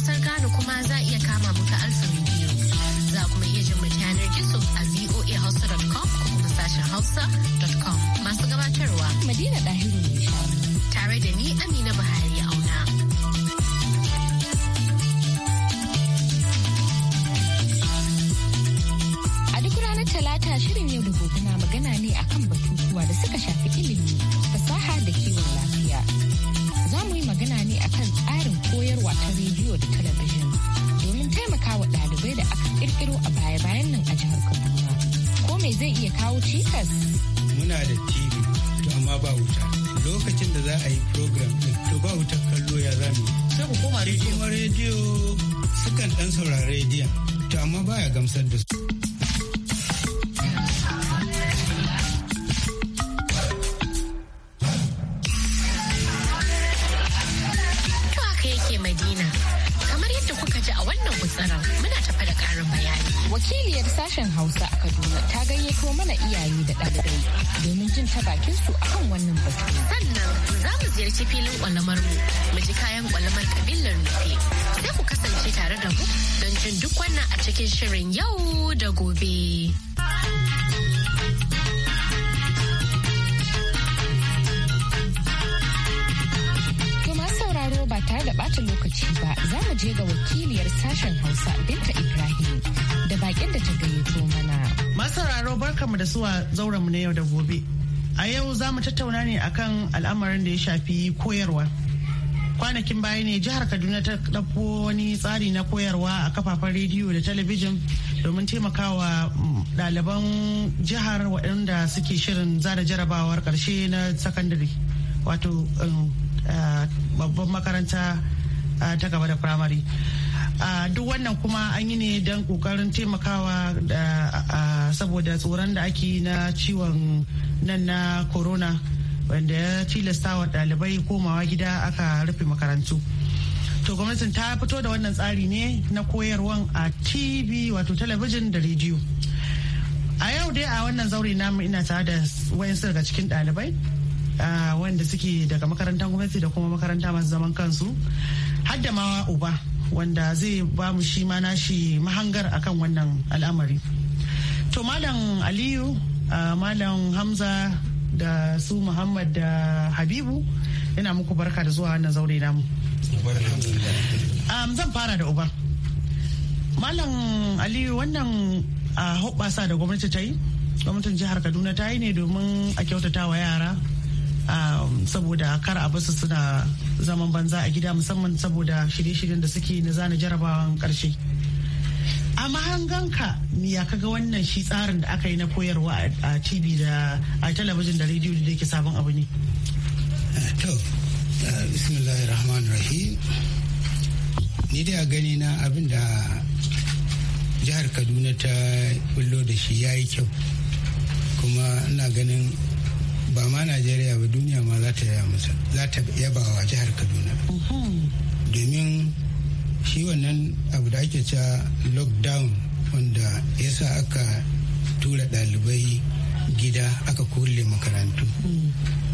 kasar Ghana kuma za iya kama muka ta Alfa Za kuma iya jin mu yanar gizo a voahausa.com ko kuma sashen hausa.com. Masu gabatarwa Madina Dahiru tare da ni Amina Buhari auna. A duk ranar talata shirin yau da gobe na magana ne akan batutuwa da suka shafi ilimi fasaha da kiwon lafiya koyarwa ta rediyo da talabijin domin taimakawa ɗalibai da aka kirkiro a baya-bayan nan a jihar Kaduna. Ko me zai iya kawo cikas? Muna da TV to amma ba wuta. Lokacin da za a yi program din to ba wutar kallo ya zamu. Sai ku koma rediyo. Kuma rediyo sukan ɗan saurari rediyon to amma baya gamsar da su. tsaron muna tafa da karin bayani. Wakiliyar sashen Hausa a Kaduna ta gayyato mana iyaye da ɗalibai domin jin ta bakin su akan wannan batu. Sannan za mu ziyarci filin kwalamar mu mu ji kayan kwalamar kabilar rufe Sai ku kasance tare da mu don jin duk wannan a cikin shirin yau da gobe. da bata lokaci ba za mu je ga wakiliyar sashen Hausa Binta Ibrahim da bakin da ta gayyato mana. Masararo barkamu da suwa zauren mu na yau da gobe. A yau za mu tattauna ne akan al'amarin da ya shafi koyarwa. Kwanakin baya ne jihar Kaduna ta ɗauko wani tsari na koyarwa a kafafen rediyo da talabijin domin taimakawa mm, ɗaliban jihar waɗanda suke shirin zada jarabawar ƙarshe na sakandare. Wato um, Eh, babban makaranta eh, ta gaba da firamare eh, duk wannan kuma an yi ne don kokarin taimakawa saboda tsoron da ake na ciwon nan na corona wanda ya tilasta wa ɗalibai komawa gida aka rufe makarantu to gwamnatin ta fito da wannan tsari ne na koyarwan a tv wato talabijin da rediyo a yau dai a wannan zaure namu ina tare da wayansu daga cikin dalibai. Ah, wanda suke daga makarantar gwamnati da kuma makaranta masu zaman kansu hadda ma uba wanda zai ba mu shi ma nashi mahangar akan wannan al'amari to malam aliyu ah, malam hamza da su muhammad da habibu ina muku barka da zuwa wannan zaure namu ah, zan fara da uba malam aliyu wannan a hoɓasa da gwamnati ta yi gwamnatin jihar kaduna ta yi ne domin a kyautata wa yara Um, saboda kar a basu suna zaman banza a gida musamman saboda shirye-shiryen da suke na zana jarabawan karshe a mahanganka ya kaga wannan shi tsarin da aka yi na koyarwa a tv da a talabijin da rediyo da yake sabon abu ne eh, to eh, rahim ni dai gani na abin da jihar kaduna ta bullo da shi ya yi kyau kuma ina ganin ba ma najeriya ba duniya ma za ta yaba wa jihar kaduna domin shi wannan abu da ake cewa lockdown wanda ya sa aka tura ɗalibai gida aka kulle makarantu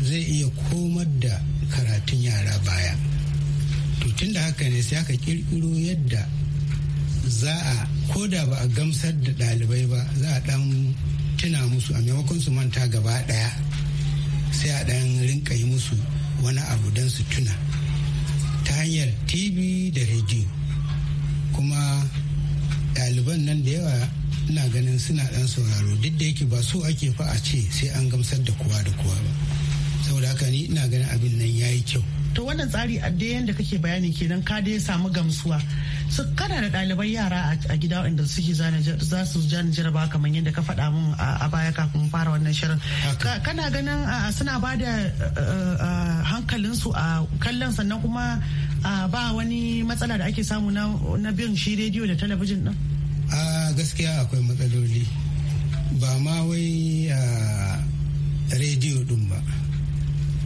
zai iya komar da karatun yara baya to tun da haka ne sai aka kirkiro yadda za a koda ba a gamsar da ɗalibai ba za a ɗan tuna musu a maimakon su manta gaba ɗaya sai a ɗan rinka yi musu wani abu don su tuna ta hanyar tv da rediyo kuma ɗaliban nan da yawa ina ganin suna ɗan sauraro duk da yake ba so ake fa a ce sai an gamsar da kowa da kowa ba saboda haka ni ina ganin abin nan ya yi kyau to wannan tsari a dai yanda kake bayani kenan ka dai samu gamsuwa su kana da ɗalibai yara a gida inda suke za su jan jaraba kamar yadda ka faɗa mun a baya kafin fara wannan shirin kana ganin suna ba da hankalinsu a kallon sannan kuma ba wani matsala da ake samu na bin shi rediyo da talabijin ɗin a gaskiya akwai matsaloli ba ma wai rediyo ɗin ba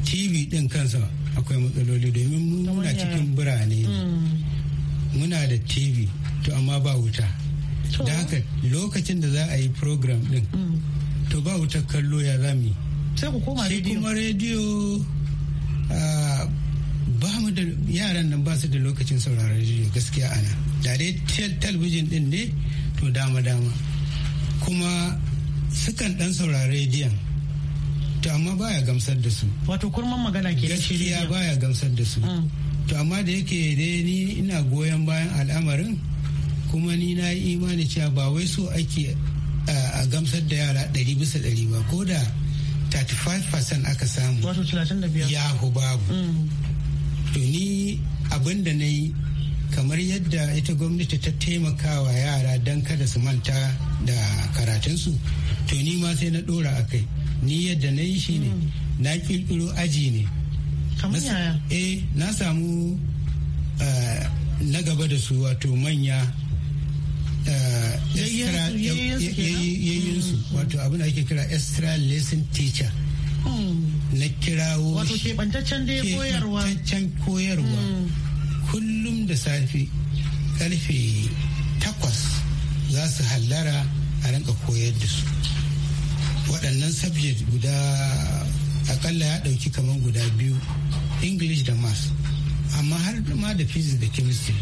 tv ɗin kansa akwai matsaloli domin muna cikin birane mm. muna da tv to amma ba wuta da haka lokacin da za a yi program din mm. to ba wutar kallo ya zami sai ku koma kuma rediyo ba mu da yaran nan ba su da lokacin sauraron rediyo gaskiya ana da dai talabijin din ne to dama dama kuma sukan dan saurari rediyon to amma baya gamsar da su wato kurman magana ke gaskiya baya gamsar da su hmm. to amma da yake dai ni ina goyon bayan al'amarin kuma ni na yi imani cewa ba wai so ake a gamsar da yara ɗari bisa ɗari ba ko da 35% aka samu wato 35 hu babu hmm. to ni abin da na yi kamar yadda ita gwamnati ta taimakawa yara don kada su manta da karatunsu to ni ma sai na ɗora a kai ni yadda na yi shi ne hmm. na kirkiro aji ne eh na samu eh, na gaba da su wato manya eh, yayyinsu hmm. wato abin da ake kira extra lesson teacher hmm. na kirawo wato keɓantaccen dai koyarwa koyarwa kullum da safe karfe takwas za su hallara a rinka koyar da su waɗannan subject guda akalla ya ɗauki kamar guda biyu english da math amma har ma da physics da chemistry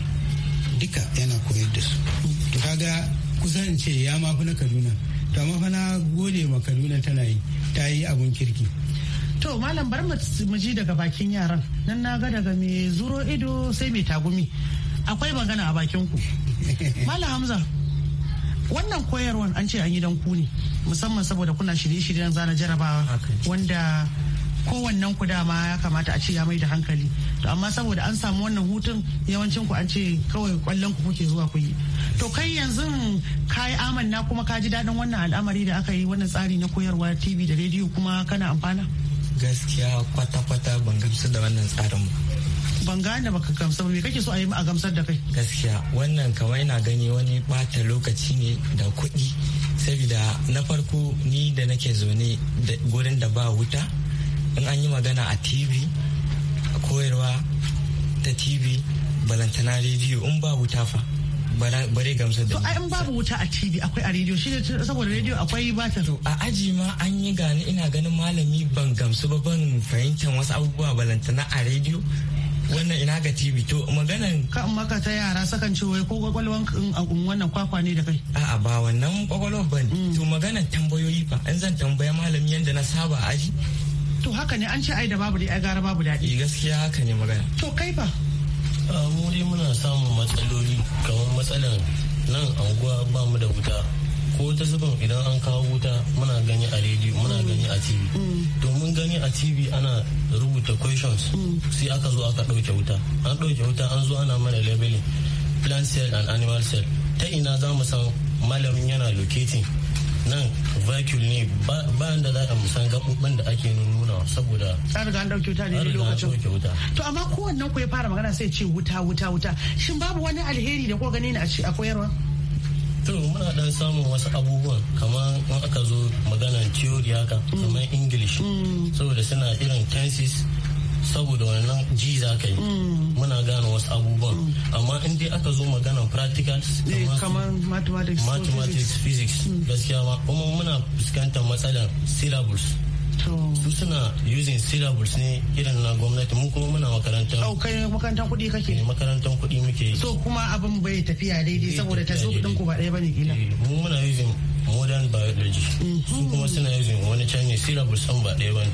duka yana koyar da su to kaga kusan ce ya mafi na kaduna to amma fa na gode ma kaduna tana yi ta yi abun kirki To malam bar mu ji daga bakin yaran nan na ga daga mai zuro ido sai mai tagumi akwai magana a bakin ku. Malam Hamza wannan koyarwan an ce an yi don ku ne musamman saboda kuna shirye-shiryen zana jarabawa wanda kowannen ku dama ya kamata a ce ya mai da hankali to amma saboda an samu wannan hutun yawancin ku an ce kawai kwallon ku kuke zuwa ku yi to kai yanzu ka yi amanna kuma ka ji daɗin wannan al'amari da aka yi wannan tsari na koyarwa tv da rediyo kuma kana amfana gaskiya kwata-kwata ban gamsu da wannan tsarin ba ban gane baka gamsa ba me kake so a yi a gamsar da kai gaskiya wannan kawai na gani wani bata lokaci ne da kuɗi saboda na farko ni da nake zaune da gurin da ba wuta in an yi magana a tv koyarwa ta tv balantana rediyo in ba wuta fa bare gamsar da to in babu wuta a tv akwai a rediyo shi ne saboda rediyo akwai bata to a aji ma an yi gani ina ganin malami ban gamsu ba ban fahimtar wasu abubuwa balantana a rediyo wannan ina ga TV to maganan ka in maka ta yara sakan ce wai ko kwakwalwan wannan kwakwa ne da kai a'a ba wannan kwakwalwan ban mm. to maganan tambayoyi fa in zan tambaya malami yanda na saba aji to haka ne an ce ai da babu dai ai gara babu daɗi eh, gaskiya haka ne magana to kai fa ah, mu dai muna samun matsaloli kamar matsalan nan anguwa ba mu da wuta ko ta zuban idan an kawo wuta muna gani a rediyo muna mm. gani a tv domin mm. gani a tv ana rubuta questions mm. sai aka zo aka ɗauke wuta an ɗauke wuta an zo ana mana labeling plant cell and animal cell ta ina za mu san malamin yana locating nan vacuum ne ba da za a musan gaɓuɓɓen da ake nuna saboda an riga an ɗauke wuta ne lokacin to amma kowannen ku ya fara magana sai ce wuta wuta wuta shin babu wani alheri da ko gani ne a koyarwa to muna dan samun wasu abubuwan kamar in aka zo magana theory haka kamar english mm. saboda suna irin tenses saboda wannan ji za ka yi mm. muna gane wasu abubuwan mm. amma in aka zo magana practicals eh, kamar mathematics physics gaskiya ma kuma muna fuskantar matsalar syllables su suna using syllabus ne irin na gwamnati mu kuma muna makarantar au kai makarantar kuɗi kake eh, makarantar kuɗi muke so kuma abin bai tafiya daidai saboda ta zo ɗin ku ba ɗaya bane kila eh, mu muna using modern biology su mhm. kuma suna using wani chinese syllabus sun ba ɗaya bane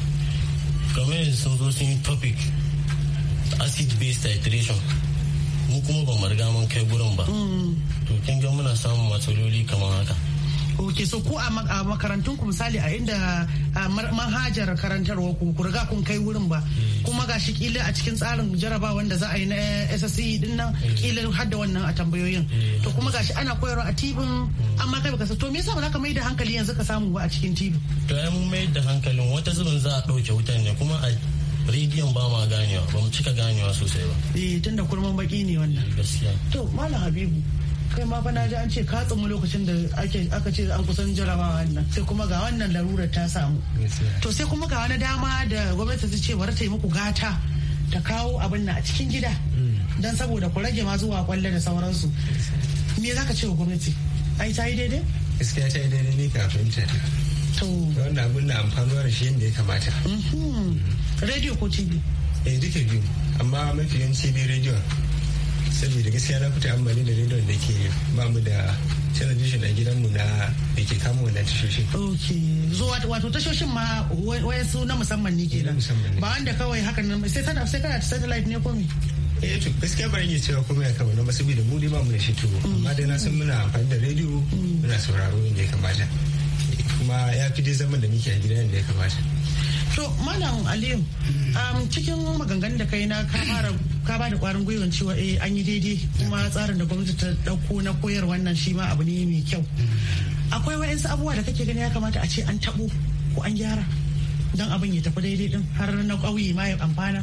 kamar yanzu sun zo sun yi topic acid based titration mu kuma ba mu riga mun kai gurin ba mm. to kin ga muna samun matsaloli kamar haka ok so ko a makarantun ku misali a inda manhajar karantarwa ku ku riga kun kai wurin ba kuma ga shi kila a cikin tsarin jarabawa wanda za a yi na SSC e din nan kila har da wannan a tambayoyin to kuma gashi ana koyarwa a tibin amma kai baka to me yasa ba za ka mai da hankali yanzu ka samu ba a cikin tibin to ai mun mai da hankalin wata zubin za a dauke wutan ne kuma a rediyon ba ma ganewa ba mu cika ganewa sosai ba eh tunda kurman baki ne wannan gaskiya to malam habibu kai ma fa na ji an ce ka tsumu lokacin da aka ce an kusan jarabawa nan sai kuma ga wannan larurar ta samu to sai kuma ga wani dama da gwamnati ta ce bari ta yi muku gata ta kawo abin na a cikin gida mm. Dan saboda ku rage ma zuwa kwalle da sauransu me za ka ce wa gwamnati ai ta yi daidai gaskiya ta yi daidai ne kafin ta to wannan abin na amfanuwa da shi yadda ya kamata mhm. mm. radio ko tv eh duka biyu amma mafi yanci ne radio saboda gaskiya na fita amfani da rediyon da ke ba mu da talabijin a gidanmu na da ke kama wannan tashoshin. Ok. So wato tashoshin ma wayansu na musamman ne kenan. Ba wanda kawai hakan nan sai kana sai kana satellite ne ko me? eh to gaskiya ban iya cewa komai kama na masu saboda mu dai ba mu da shi mm. amma dai na san muna amfani da rediyo mm. muna sauraro inda ya kamata kuma ya fi dai zaman da muke a gidan da ya kamata to malam aliyu um, cikin maganganun da kai na kamara ka ba da kwarin gwiwan cewa eh an yi daidai kuma tsarin da gwamnati ta dauko na koyar wannan shi ma abu ne mai kyau akwai wa'insu abubuwa da kake gani ya kamata a ce an tabo ko an gyara don abin ya tafi daidai din har na kauye ma ya amfana.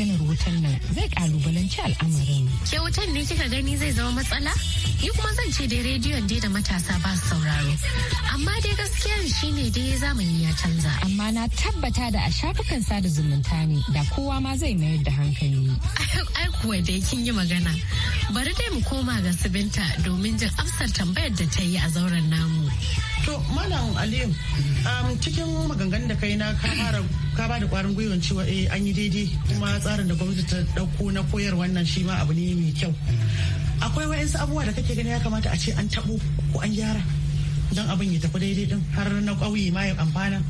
maganar wutan nan zai kalubalanci al'amarin. Ke wutan ne kika gani zai zama matsala? Ni kuma zan ce dai rediyon dai da matasa ba su sauraro. Amma dai gaskiyar ne dai zamani ya canza. Amma na tabbata da a shafukan sada zumunta ne da kowa ma zai mayar da hankali. Ai kuwa dai kin yi magana. Bari dai mu koma ga Subinta domin jin amsar tambayar da ta yi a zauren namu. malam aliyu cikin maganganun da kai na kamara ka ba da kwarin gwiwan cewa eh an yi daidai kuma tsarin da gwamnati ta dauko na koyar wannan shi ma abu ne mai kyau akwai wa'insu abubuwa da kake gani ya kamata a ce an tabo ko an gyara don abin ya tafi daidai din har na ƙauye ma ya amfana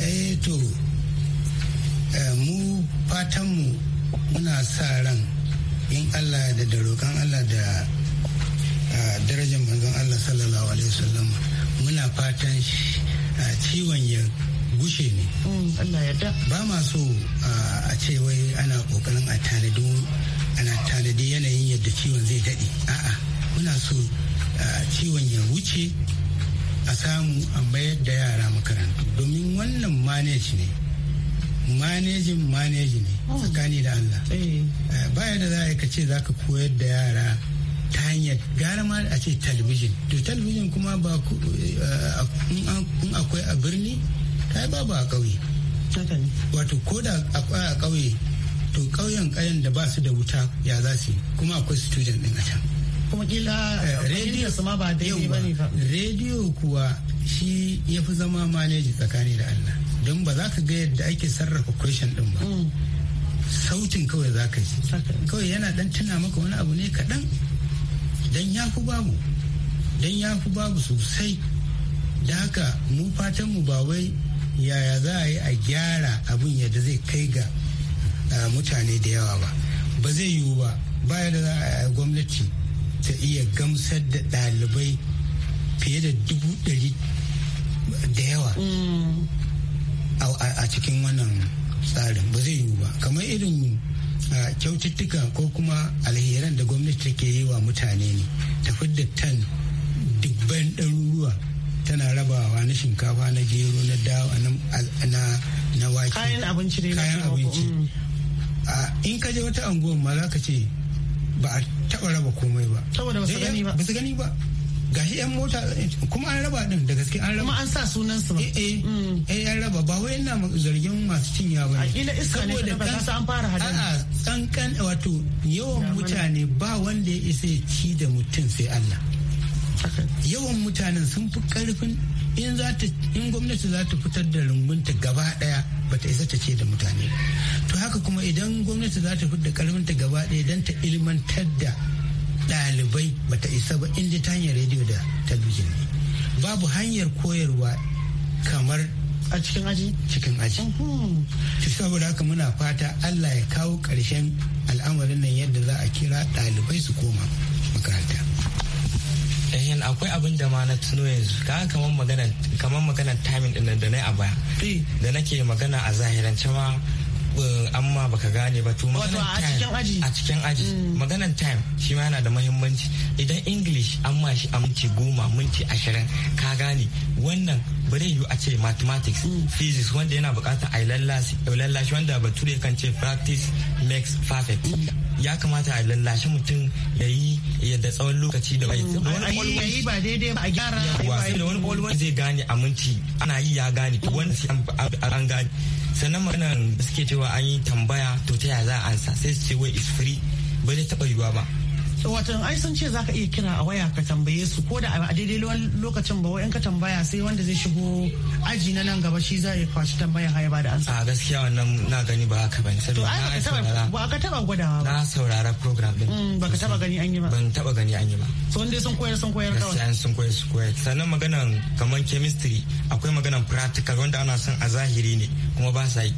eh to eh, mu fatanmu muna sa ran in Allah da da roƙon Allah da ah, darajar manzon Allah sallallahu alaihi wasallam muna fatan ciwon ya gushe ne mm, ba ma so a ce wai ana kokarin a tanadi ana tanadi yanayin yadda ciwon zai daɗe a'a muna so ciwon ya wuce a samu a bayar da yara makarantu domin wannan manage ne manejin maneji ne oh. tsakani da Allah eh. eh, baya da za a ce za ka koyar da yara ta hanyar gara ma a ce talibijin to talibijin kuma ba eh, in akwai a birni ta babu a ƙauye wato ko da akwai a ƙauye to ƙauyen ƙayan da ba su da wuta ya za su kuma akwai student ɗin a can kuma kila eh, rediyo su ma ba daidai ba ne fa rediyo kuwa shi ya fi zama maneji tsakani da Allah don ba za ka ga yadda ake sarrafa question din ba mm. sautin kawai za ka ji kawai yana dan tuna maka wani abu ne kaɗan Dan ya fi babu dan ya fi babu sosai da haka mu fatanmu ba wai yaya za a yi a gyara abin yadda zai kai ga mutane da yawa ba ba zai yiwu ba baya da za a yi gwamnati ta iya gamsar da ɗalibai fiye da dubu ɗari da yawa mm. a cikin wannan tsarin ba zai yiwu ba kamar irin kyaututtuka ko kuma alheran da gwamnati take yi wa mutane ne ta fidda tan dubban ɗaruruwa tana rabawa na shinkafa na gero na dawa na wake kayan abinci kayan mm. in ka je wata anguwan ma za ka ce ba a taɓa raba komai ba ba su gani ba gashi yan mota kuma an raba din da gaske an raba kuma an sa sunan su ba eh eh, hmm. eh an raba ba wai ina zargin masu cinya ba ne iska ne ba sa an fara hadari a'a tsankan wato yawan mutane ba wanda ya isa ya ci da mutum sai Allah yawan mutanen sun fi karfin in za ta in gwamnati za ta fitar da rungunta gaba daya bata isa ta ce da mutane to haka kuma idan gwamnati za ta fitar da karfinta gaba daya don ta ilmantar da ɗalibai bata isa ba inda ta hanyar rediyo da talabijin ne babu hanyar koyarwa kamar a cikin aji cikin aji mhm. saboda haka muna fata allah ya kawo ƙarshen al'amarin nan yadda za a kira dalibai su koma makaranta yan akwai abin da ma na tuno yanzu ka kamar maganar timing ɗin da na a baya eh. da nake magana a zahirance ma Eh, amma baka gane ba to maganan time a cikin aji mm. maganan time shi ma yana da mahimmanci idan english amma shi a minti goma minti ashirin ka gane wannan bare yiwu a ce mathematics mm. physics wanda yana bukatar a lallashi wanda bature kan ce practice makes perfect mm. ya kamata a lallashi mutum ya yi yadda tsawon lokaci da bai yi ba daidai ba a gyara wani kwalwani zai gane a minti ana yi ya gane wani an gane sannan maganar suke cewa an yi tambaya to ta yaya za a ansa sai su ce wai is free ba zai yiwuwa ba wato ai sun ce zaka iya kira a waya ka tambaye su ko da a daidai lokacin ba wai ka tambaya sai wanda zai shigo aji na nan gaba shi zai kwashi tambayan haya ba da ansa a gaskiya wannan na gani ba haka bane saboda na saurara ba ka taba gwadawa ba na saurara program din mm, ba ka taba gani an yi ba ban taba gani an yi ba so wanda sun koyar sun koyar kawai gaskiya sun koyar su koyar sannan maganan kaman chemistry akwai maganan practical wanda ana son a zahiri ne kuma ba sa yi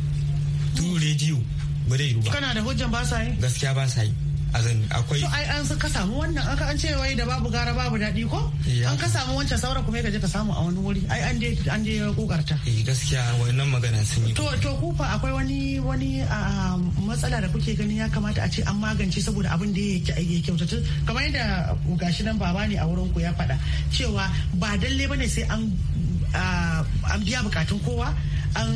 tu mm. radio ba yi ba kana da hujjan ba sa yi gaskiya ba sa yi azin akwai to ai an ka samu wannan an ka an ce wai da babu gara babu daɗi ko an ka samu wancan saura kuma ka je ka samu a wani wuri ai an je an je kokarta eh gaskiya wannan magana sun yi to to ku fa akwai wani wani matsala da kuke gani ya kamata a ce an magance saboda abin da ya kyautatu kamar yadda gashi nan baba ne a wurin ku ya faɗa cewa ba dalle bane sai an an biya bukatun kowa an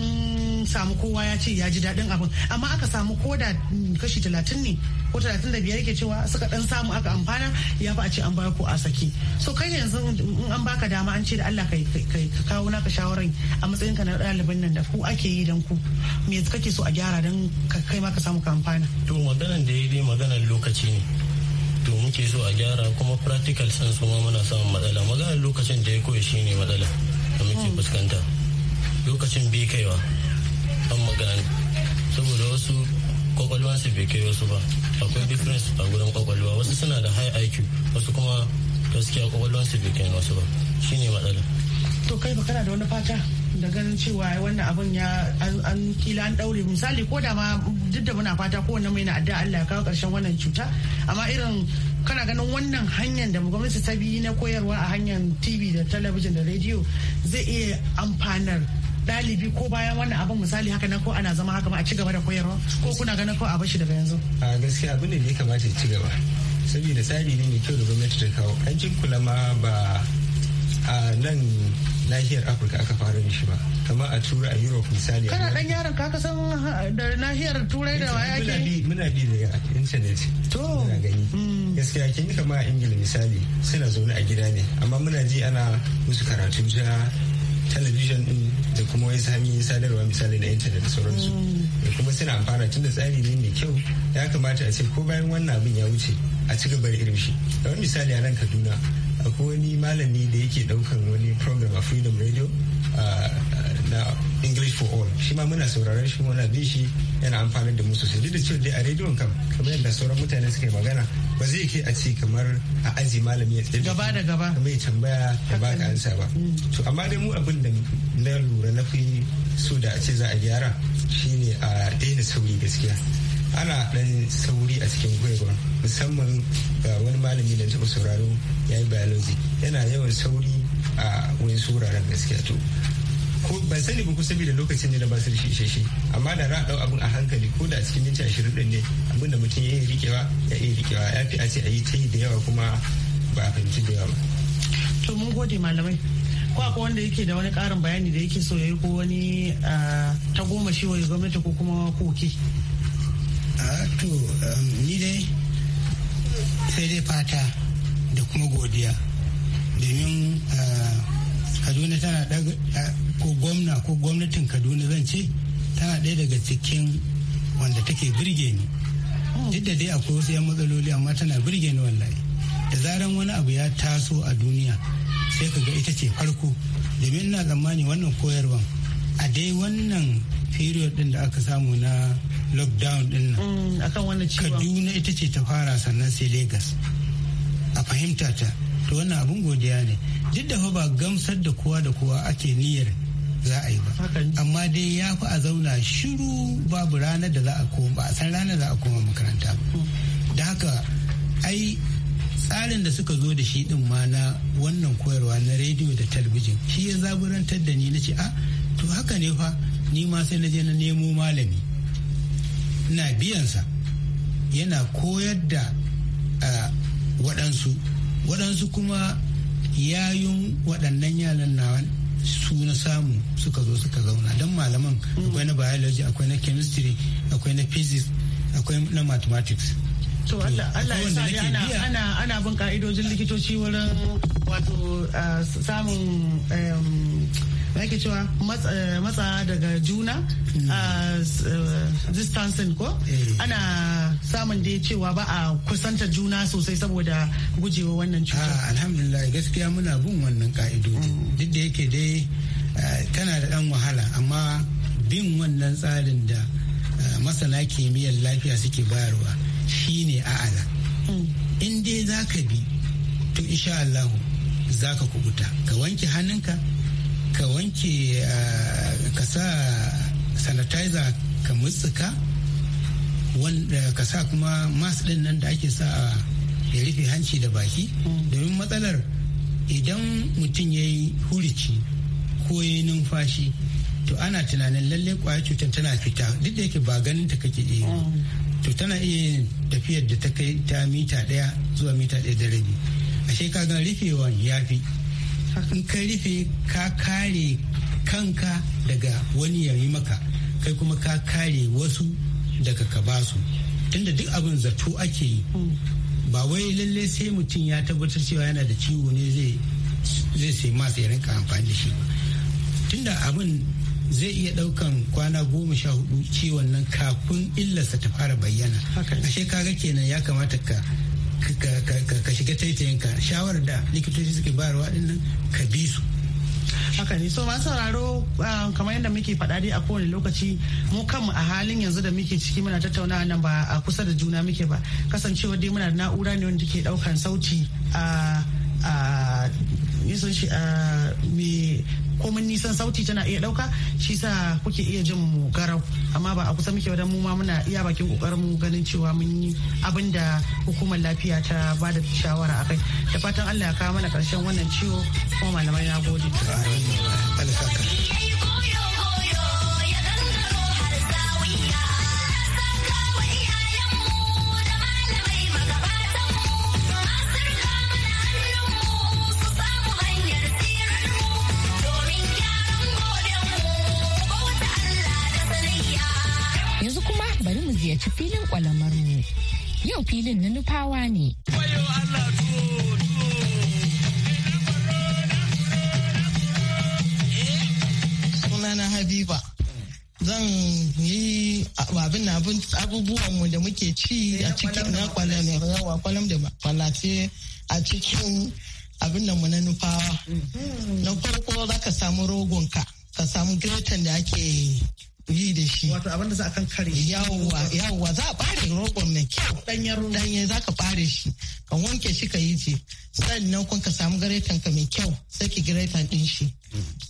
samu kowa ya ce ya ji daɗin abin amma aka samu ko da mm, kashi talatin ne ko talatin da biyar ke cewa suka dan samu aka amfana ya fi a ce an bayar ko a saki so kai yanzu in an baka dama an ce da Allah ka kawo naka shawarar a matsayin ka na ɗaliban nan da ku ake yi dan ku me kake so a gyara dan kai ma ka samu ka amfana to maganar da ya dai maganar lokaci ne to muke so a gyara kuma practical sun suma muna samun matsala maganar lokacin da ya koya shine matsala da muke mm. fuskanta lokacin bai kaiwa an magana saboda wasu kwakwalwa su bai kai wasu ba akwai difference a gudun kwakwalwa wasu suna da high IQ wasu kuma gaskiya kwakwalwa su bai kai wasu ba shine matsala to kai ba kana da wani fata da ganin cewa wannan abin ya an kila an daure misali ko da ma duk da muna fata ko wani mai na adda Allah ya kawo karshen wannan cuta amma irin kana ganin wannan hanyar da gwamnati ta bi na koyarwa a hanyar TV da talabijin da rediyo zai iya amfanar dalibi ko bayan wannan abin misali haka nan ko ana zama haka ma a cigaba da koyarwa ko kuna ganin ko a bashi daga yanzu a gaskiya abin da ya kamata ya ci gaba saboda tsari ne mai kyau da gwamnati ta kawo an kin kula ma ba a nan nahiyar afirka aka fara da shi ba kama a turai a europe misali kana dan yaron ka ka san da nahiyar turai da waya ke muna bi daga internet to muna gani mm. gaskiya kin kama a ingila misali suna zaune a gida ne amma muna ji ana musu karatu ja talabijin din da kuma wai sami sadarwa misali na intanet da sauransu da kuma suna amfana tun da tsari ne mai kyau ya kamata a ce ko bayan wannan abin ya wuce a ci gaba da irin shi da wani misali a nan kaduna akwai wani malami da yake daukan wani program a freedom radio na English for All shi ma muna sauraron shi muna bi shi yana amfani da musu sai da cewa dai a rediyon kam kamar yadda sauran mutane suka magana ba zai ke a ci kamar a aji malami ya tsaye gaba da gaba kamar ya tambaya da ba ka ansa ba to amma dai mu abin da na lura na fi so da a ce za a gyara shine a daina sauri gaskiya ana dan sauri a cikin gwaiwa musamman ga wani malami da taɓa sauraro ya yi biology yana yawan sauri a wani sauraron gaskiya to ban sani ba ko saboda lokacin ne da basu su da shi amma da ra dau abin a hankali ko da cikin minti ashirin din ne abin da mutum ya yi rikewa ya yi rikewa ya fi a ce a yi ta yi da yawa kuma ba a fahimci da yawa ba. to mun gode malamai ko akwai wanda yake da wani karin bayani da yake so ya yi ko wani ta goma shi wai gwamnati ko kuma koke. a to um, ni dai sai dai fata da kuma godiya domin uh, kaduna tana ko gwamna ko gwamnatin kaduna zan ce tana ɗaya daga cikin wanda take birge ni duk da dai akwai wasu 'yan matsaloli amma tana birge ni wallahi da zaran wani abu ya taso a duniya sai ka ga ita ce farko domin ina tsammani wannan koyarwan a dai wannan period din da aka samu na lockdown din nan mm, kaduna ita ce ta fara sannan sai lagos a fahimta ta to wannan abin godiya ne duk da ba gamsar da kowa da kowa ake niyyar za a yi ba amma dai ya fi a zauna shiru babu ranar da za a koma ba a san ranar za a koma makaranta ba. da haka ai tsarin da suka zo da shi din ma na wannan koyarwa na rediyo da talbijin shi ya zaburantar da ni na ce a to haka ne fa ni ma sai na je na nemo malami na biyansa yana koyar da waɗansu waɗansu kuma yayun waɗannan yaran nawa su na samu suka zo suka zauna don malaman akwai na biology akwai na chemistry akwai na physics akwai na mathematics to Allah ya sa ana ana bin ka'idojin likitoci wurin wato ah, samun ake cewa matsa daga juna mm. eh, distancing ko eh. ana samun dai cewa ba a kusanta juna sosai saboda gujewa wannan cuta ah, alhamdulillah gaskiya muna bin wannan ka'idodi mm. duk da yake dai eh, tana da dan wahala amma bin wannan tsarin da masana kimiyyar lafiya suke bayarwa shine a'ala mm. in dai za ka bi to insha Allah za ka kubuta ka wanke hannunka ka wanke eh, ka sa sanitizer ka mutsuka wanda ka sa kuma mask din nan da ake sa ya rufe hanci da baki domin matsalar idan mutum ya yi hurici ko ya yi numfashi to ana tunanin lalle kwaya cutar tana fita duk da yake ba ganin ta kake iya to tana iya tafiyar da ta kai ta mita ɗaya zuwa mita ɗaya da rabi ashe ka ga rufewan ya fi in ka rufe ka kare kanka daga wani ya maka kai kuma ka kare wasu daga ka basu tunda duk abin zato ake yi ba wai lalle sai mutum ya tabbatar cewa yana da ciwo ne zai zai sai masa ya rinka amfani da shi tunda abin zai iya daukan kwana goma sha hudu ciwon nan kafin illarsa ta fara bayyana ashe shekara kenan ya kamata ka ka shiga taitayinka shawarar da likitoci suke bayarwa dinnan ka bi su haka ne so masu sauraro ah, kamar yadda muke faɗa dai a kowane lokaci mu kanmu a halin yanzu da muke ciki muna tattaunawa nan ba a kusa da juna muke ba kasancewa dai muna da na'ura ne wanda ke ɗaukan sauti a ah, a ah, komin nisan sauti tana iya dauka shi sa kuke iya jin mu garau amma ba a kusa muke wadan mu ma muna iya bakin kokarin mu ganin cewa mun yi abin da hukumar lafiya ta ba da shawara a kai da fatan Allah ya kawo mana karshen wannan ciwo kuma malamai na gode. wannan filin na nufawa ne. Sunana Habiba. Zan yi abin na abubuwanmu da muke ci a cikin na kwalam da kwalace a cikin abin da mu na nufawa. Mm. Na farko za ka samu rogonka, ka samu gretan da ake yi da shi wato abinda za a kan kare yawwa yawwa za a bare rogon mai kyau Ɗanyen rogon za ka bare shi ka wanke shi ka yi ce sannan kun ka samu garetan ka mai kyau sai ki garetan din shi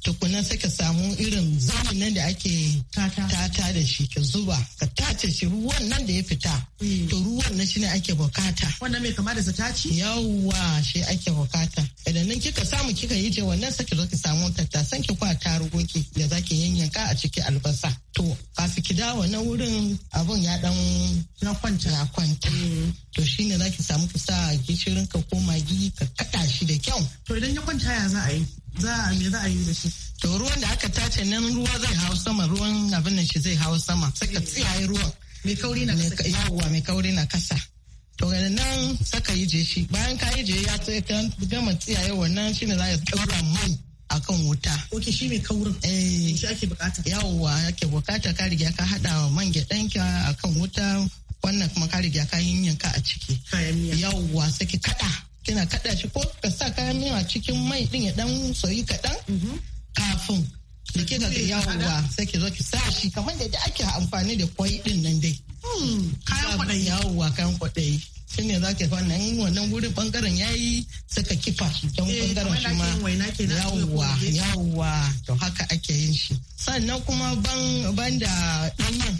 tukunan sai ka samu irin zamin nan da ake tata da shi ka zuba ka tace shi ruwan nan da ya fita mm. to ruwan nan shi ne ake bukata wannan mai kama da sa ci. yawwa shi ake bukata idan nan kika samu kika yi ce wannan sai ki zo ki samu tattasan ki kwa tarugun ki da zaki yanyanka a ciki albasa to kafin ki dawo na wurin abun ya dan na kwanta na kwanta mm. to shine zaki samu ki sa gishirin ka ko magi ka kada shi da kyau to idan ya kwanta ya za a yi za a me za a yi da shi to ruwan da aka tace nan ruwa zai hau sama ruwan abin nan shi zai hau sama saka tsiyaye ruwan mai kauri na kasa yawwa mai kauri na kasa to ganin nan saka yije shi bayan ka yije ya tsaye kan gama tsiyaye wannan shine za a ɗaura mai akan wuta. Ok shi mai kaurin. Eh. Shi ake bukata. Yawwa ake bukata ka riga ka haɗa wa man gyaɗanka akan wuta wannan kuma ka riga kayan yanka a ciki yawwa sai kada kina kada shi ko ka sa kayan miya a cikin mai din ya dan soyi kadan mhm. kafin da kika ga yawwa sai ki zo ki sa shi kamar da ake amfani da kwai din nan dai hmm, kayan kwaɗayi yawwa kayan kwaɗayi sai ne za ka fana in wannan wurin bangaren ya yi saka kifa don eh, bangaren shi ma yawwa yawwa to haka ake yin shi sannan kuma ban da ɗanyen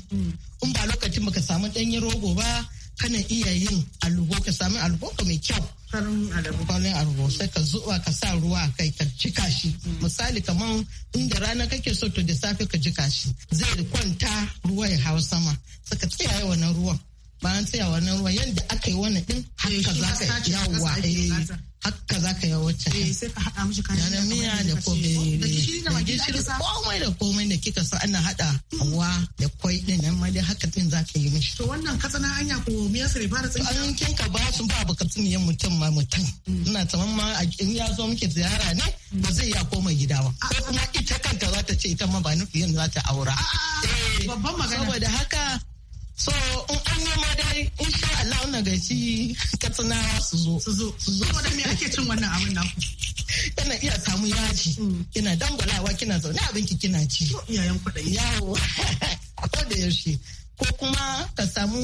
in ba lokacin baka samu ɗanyen rogo ba kana iya yin alubo ka sami alubo mai kyau farin alubo sai ka zuwa ka sa ruwa kai ka jika shi misali kamar inda rana kake so to da safe ka jika shi zai kwanta ruwa ya hau sama saka tsaya wannan ruwan bayan tsayawa na ruwa yadda aka yi wannan din haka eh, za ka yawa eh, haka za ka yawa ta eh, yana miya da kobe da gishiri komai da komai da kika sa ana hada wa da kwai din nan ma dai haka din za ka yi mishi to wannan katsana anya ko miya sare fara tsinka an kin ka ba su ba baka yin mutum ma mutum mm. ina tsaman ma in ya zo muke ziyara ne mm. ba zai iya koma gida ba ko ah, kuma ah. ita kanta za ta ce ita ma ba nufi yadda za ta aura ah, babban magana saboda haka So in an nemo dai insha Allah wannan gaci katsinawa su zo. Su zo. Su zo. da me ake cin wannan abin da Kana iya samu yaji. Hmm. Kina dangwalawa kina zaune ki kina ci. Yayan kuɗi. Yawo. Ko da yaushe. Ko kuma ka samu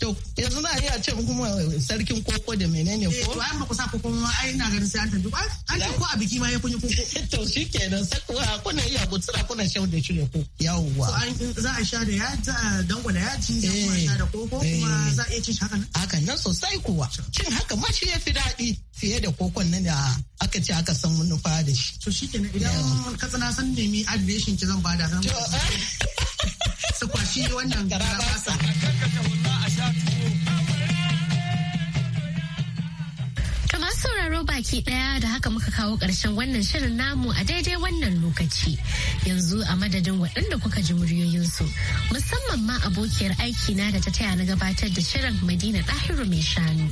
To yanzu za a iya ce kuma sarkin koko da menene ko? Eh, to an ba ku sa koko ma ai ina ganin sai an tafi ba. An ce ko a biki ma ya kunyi koko. To shi kenan sakuwa ah, kuna iya gutsura kuna shau da shi ne ko. Yawwa. Za a sha da ya za a dangwala ya ci za a sha da koko kuma eh. za a iya cin shi haka nan. Haka nan sosai kuwa. Cin haka ma shi ya fi daɗi fiye da kokon nan da aka ce aka san mun manufa da shi. To shi kenan idan katsina san nemi adireshin ki zan bada. Su kwashi wannan garabasa. sauraro baki daya da haka muka kawo ƙarshen wannan shirin namu a daidai wannan lokaci. Yanzu a madadin waɗanda kuka ji muryoyinsu musamman ma abokiyar aiki na da ta taya na gabatar da shirin Madina ɗahiru mai shanu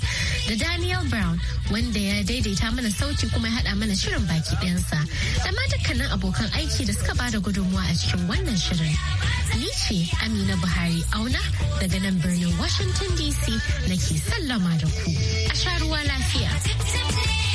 da Daniel Brown wanda ya daidaita mana sauti kuma ya haɗa mana shirin baki ɗayansa da ma dukkanin abokan aiki da suka bada gudunmuwa a cikin wannan shirin. Ni ce Amina Buhari auna daga nan birnin Washington DC nake sallama da ku. A sha ruwa lafiya.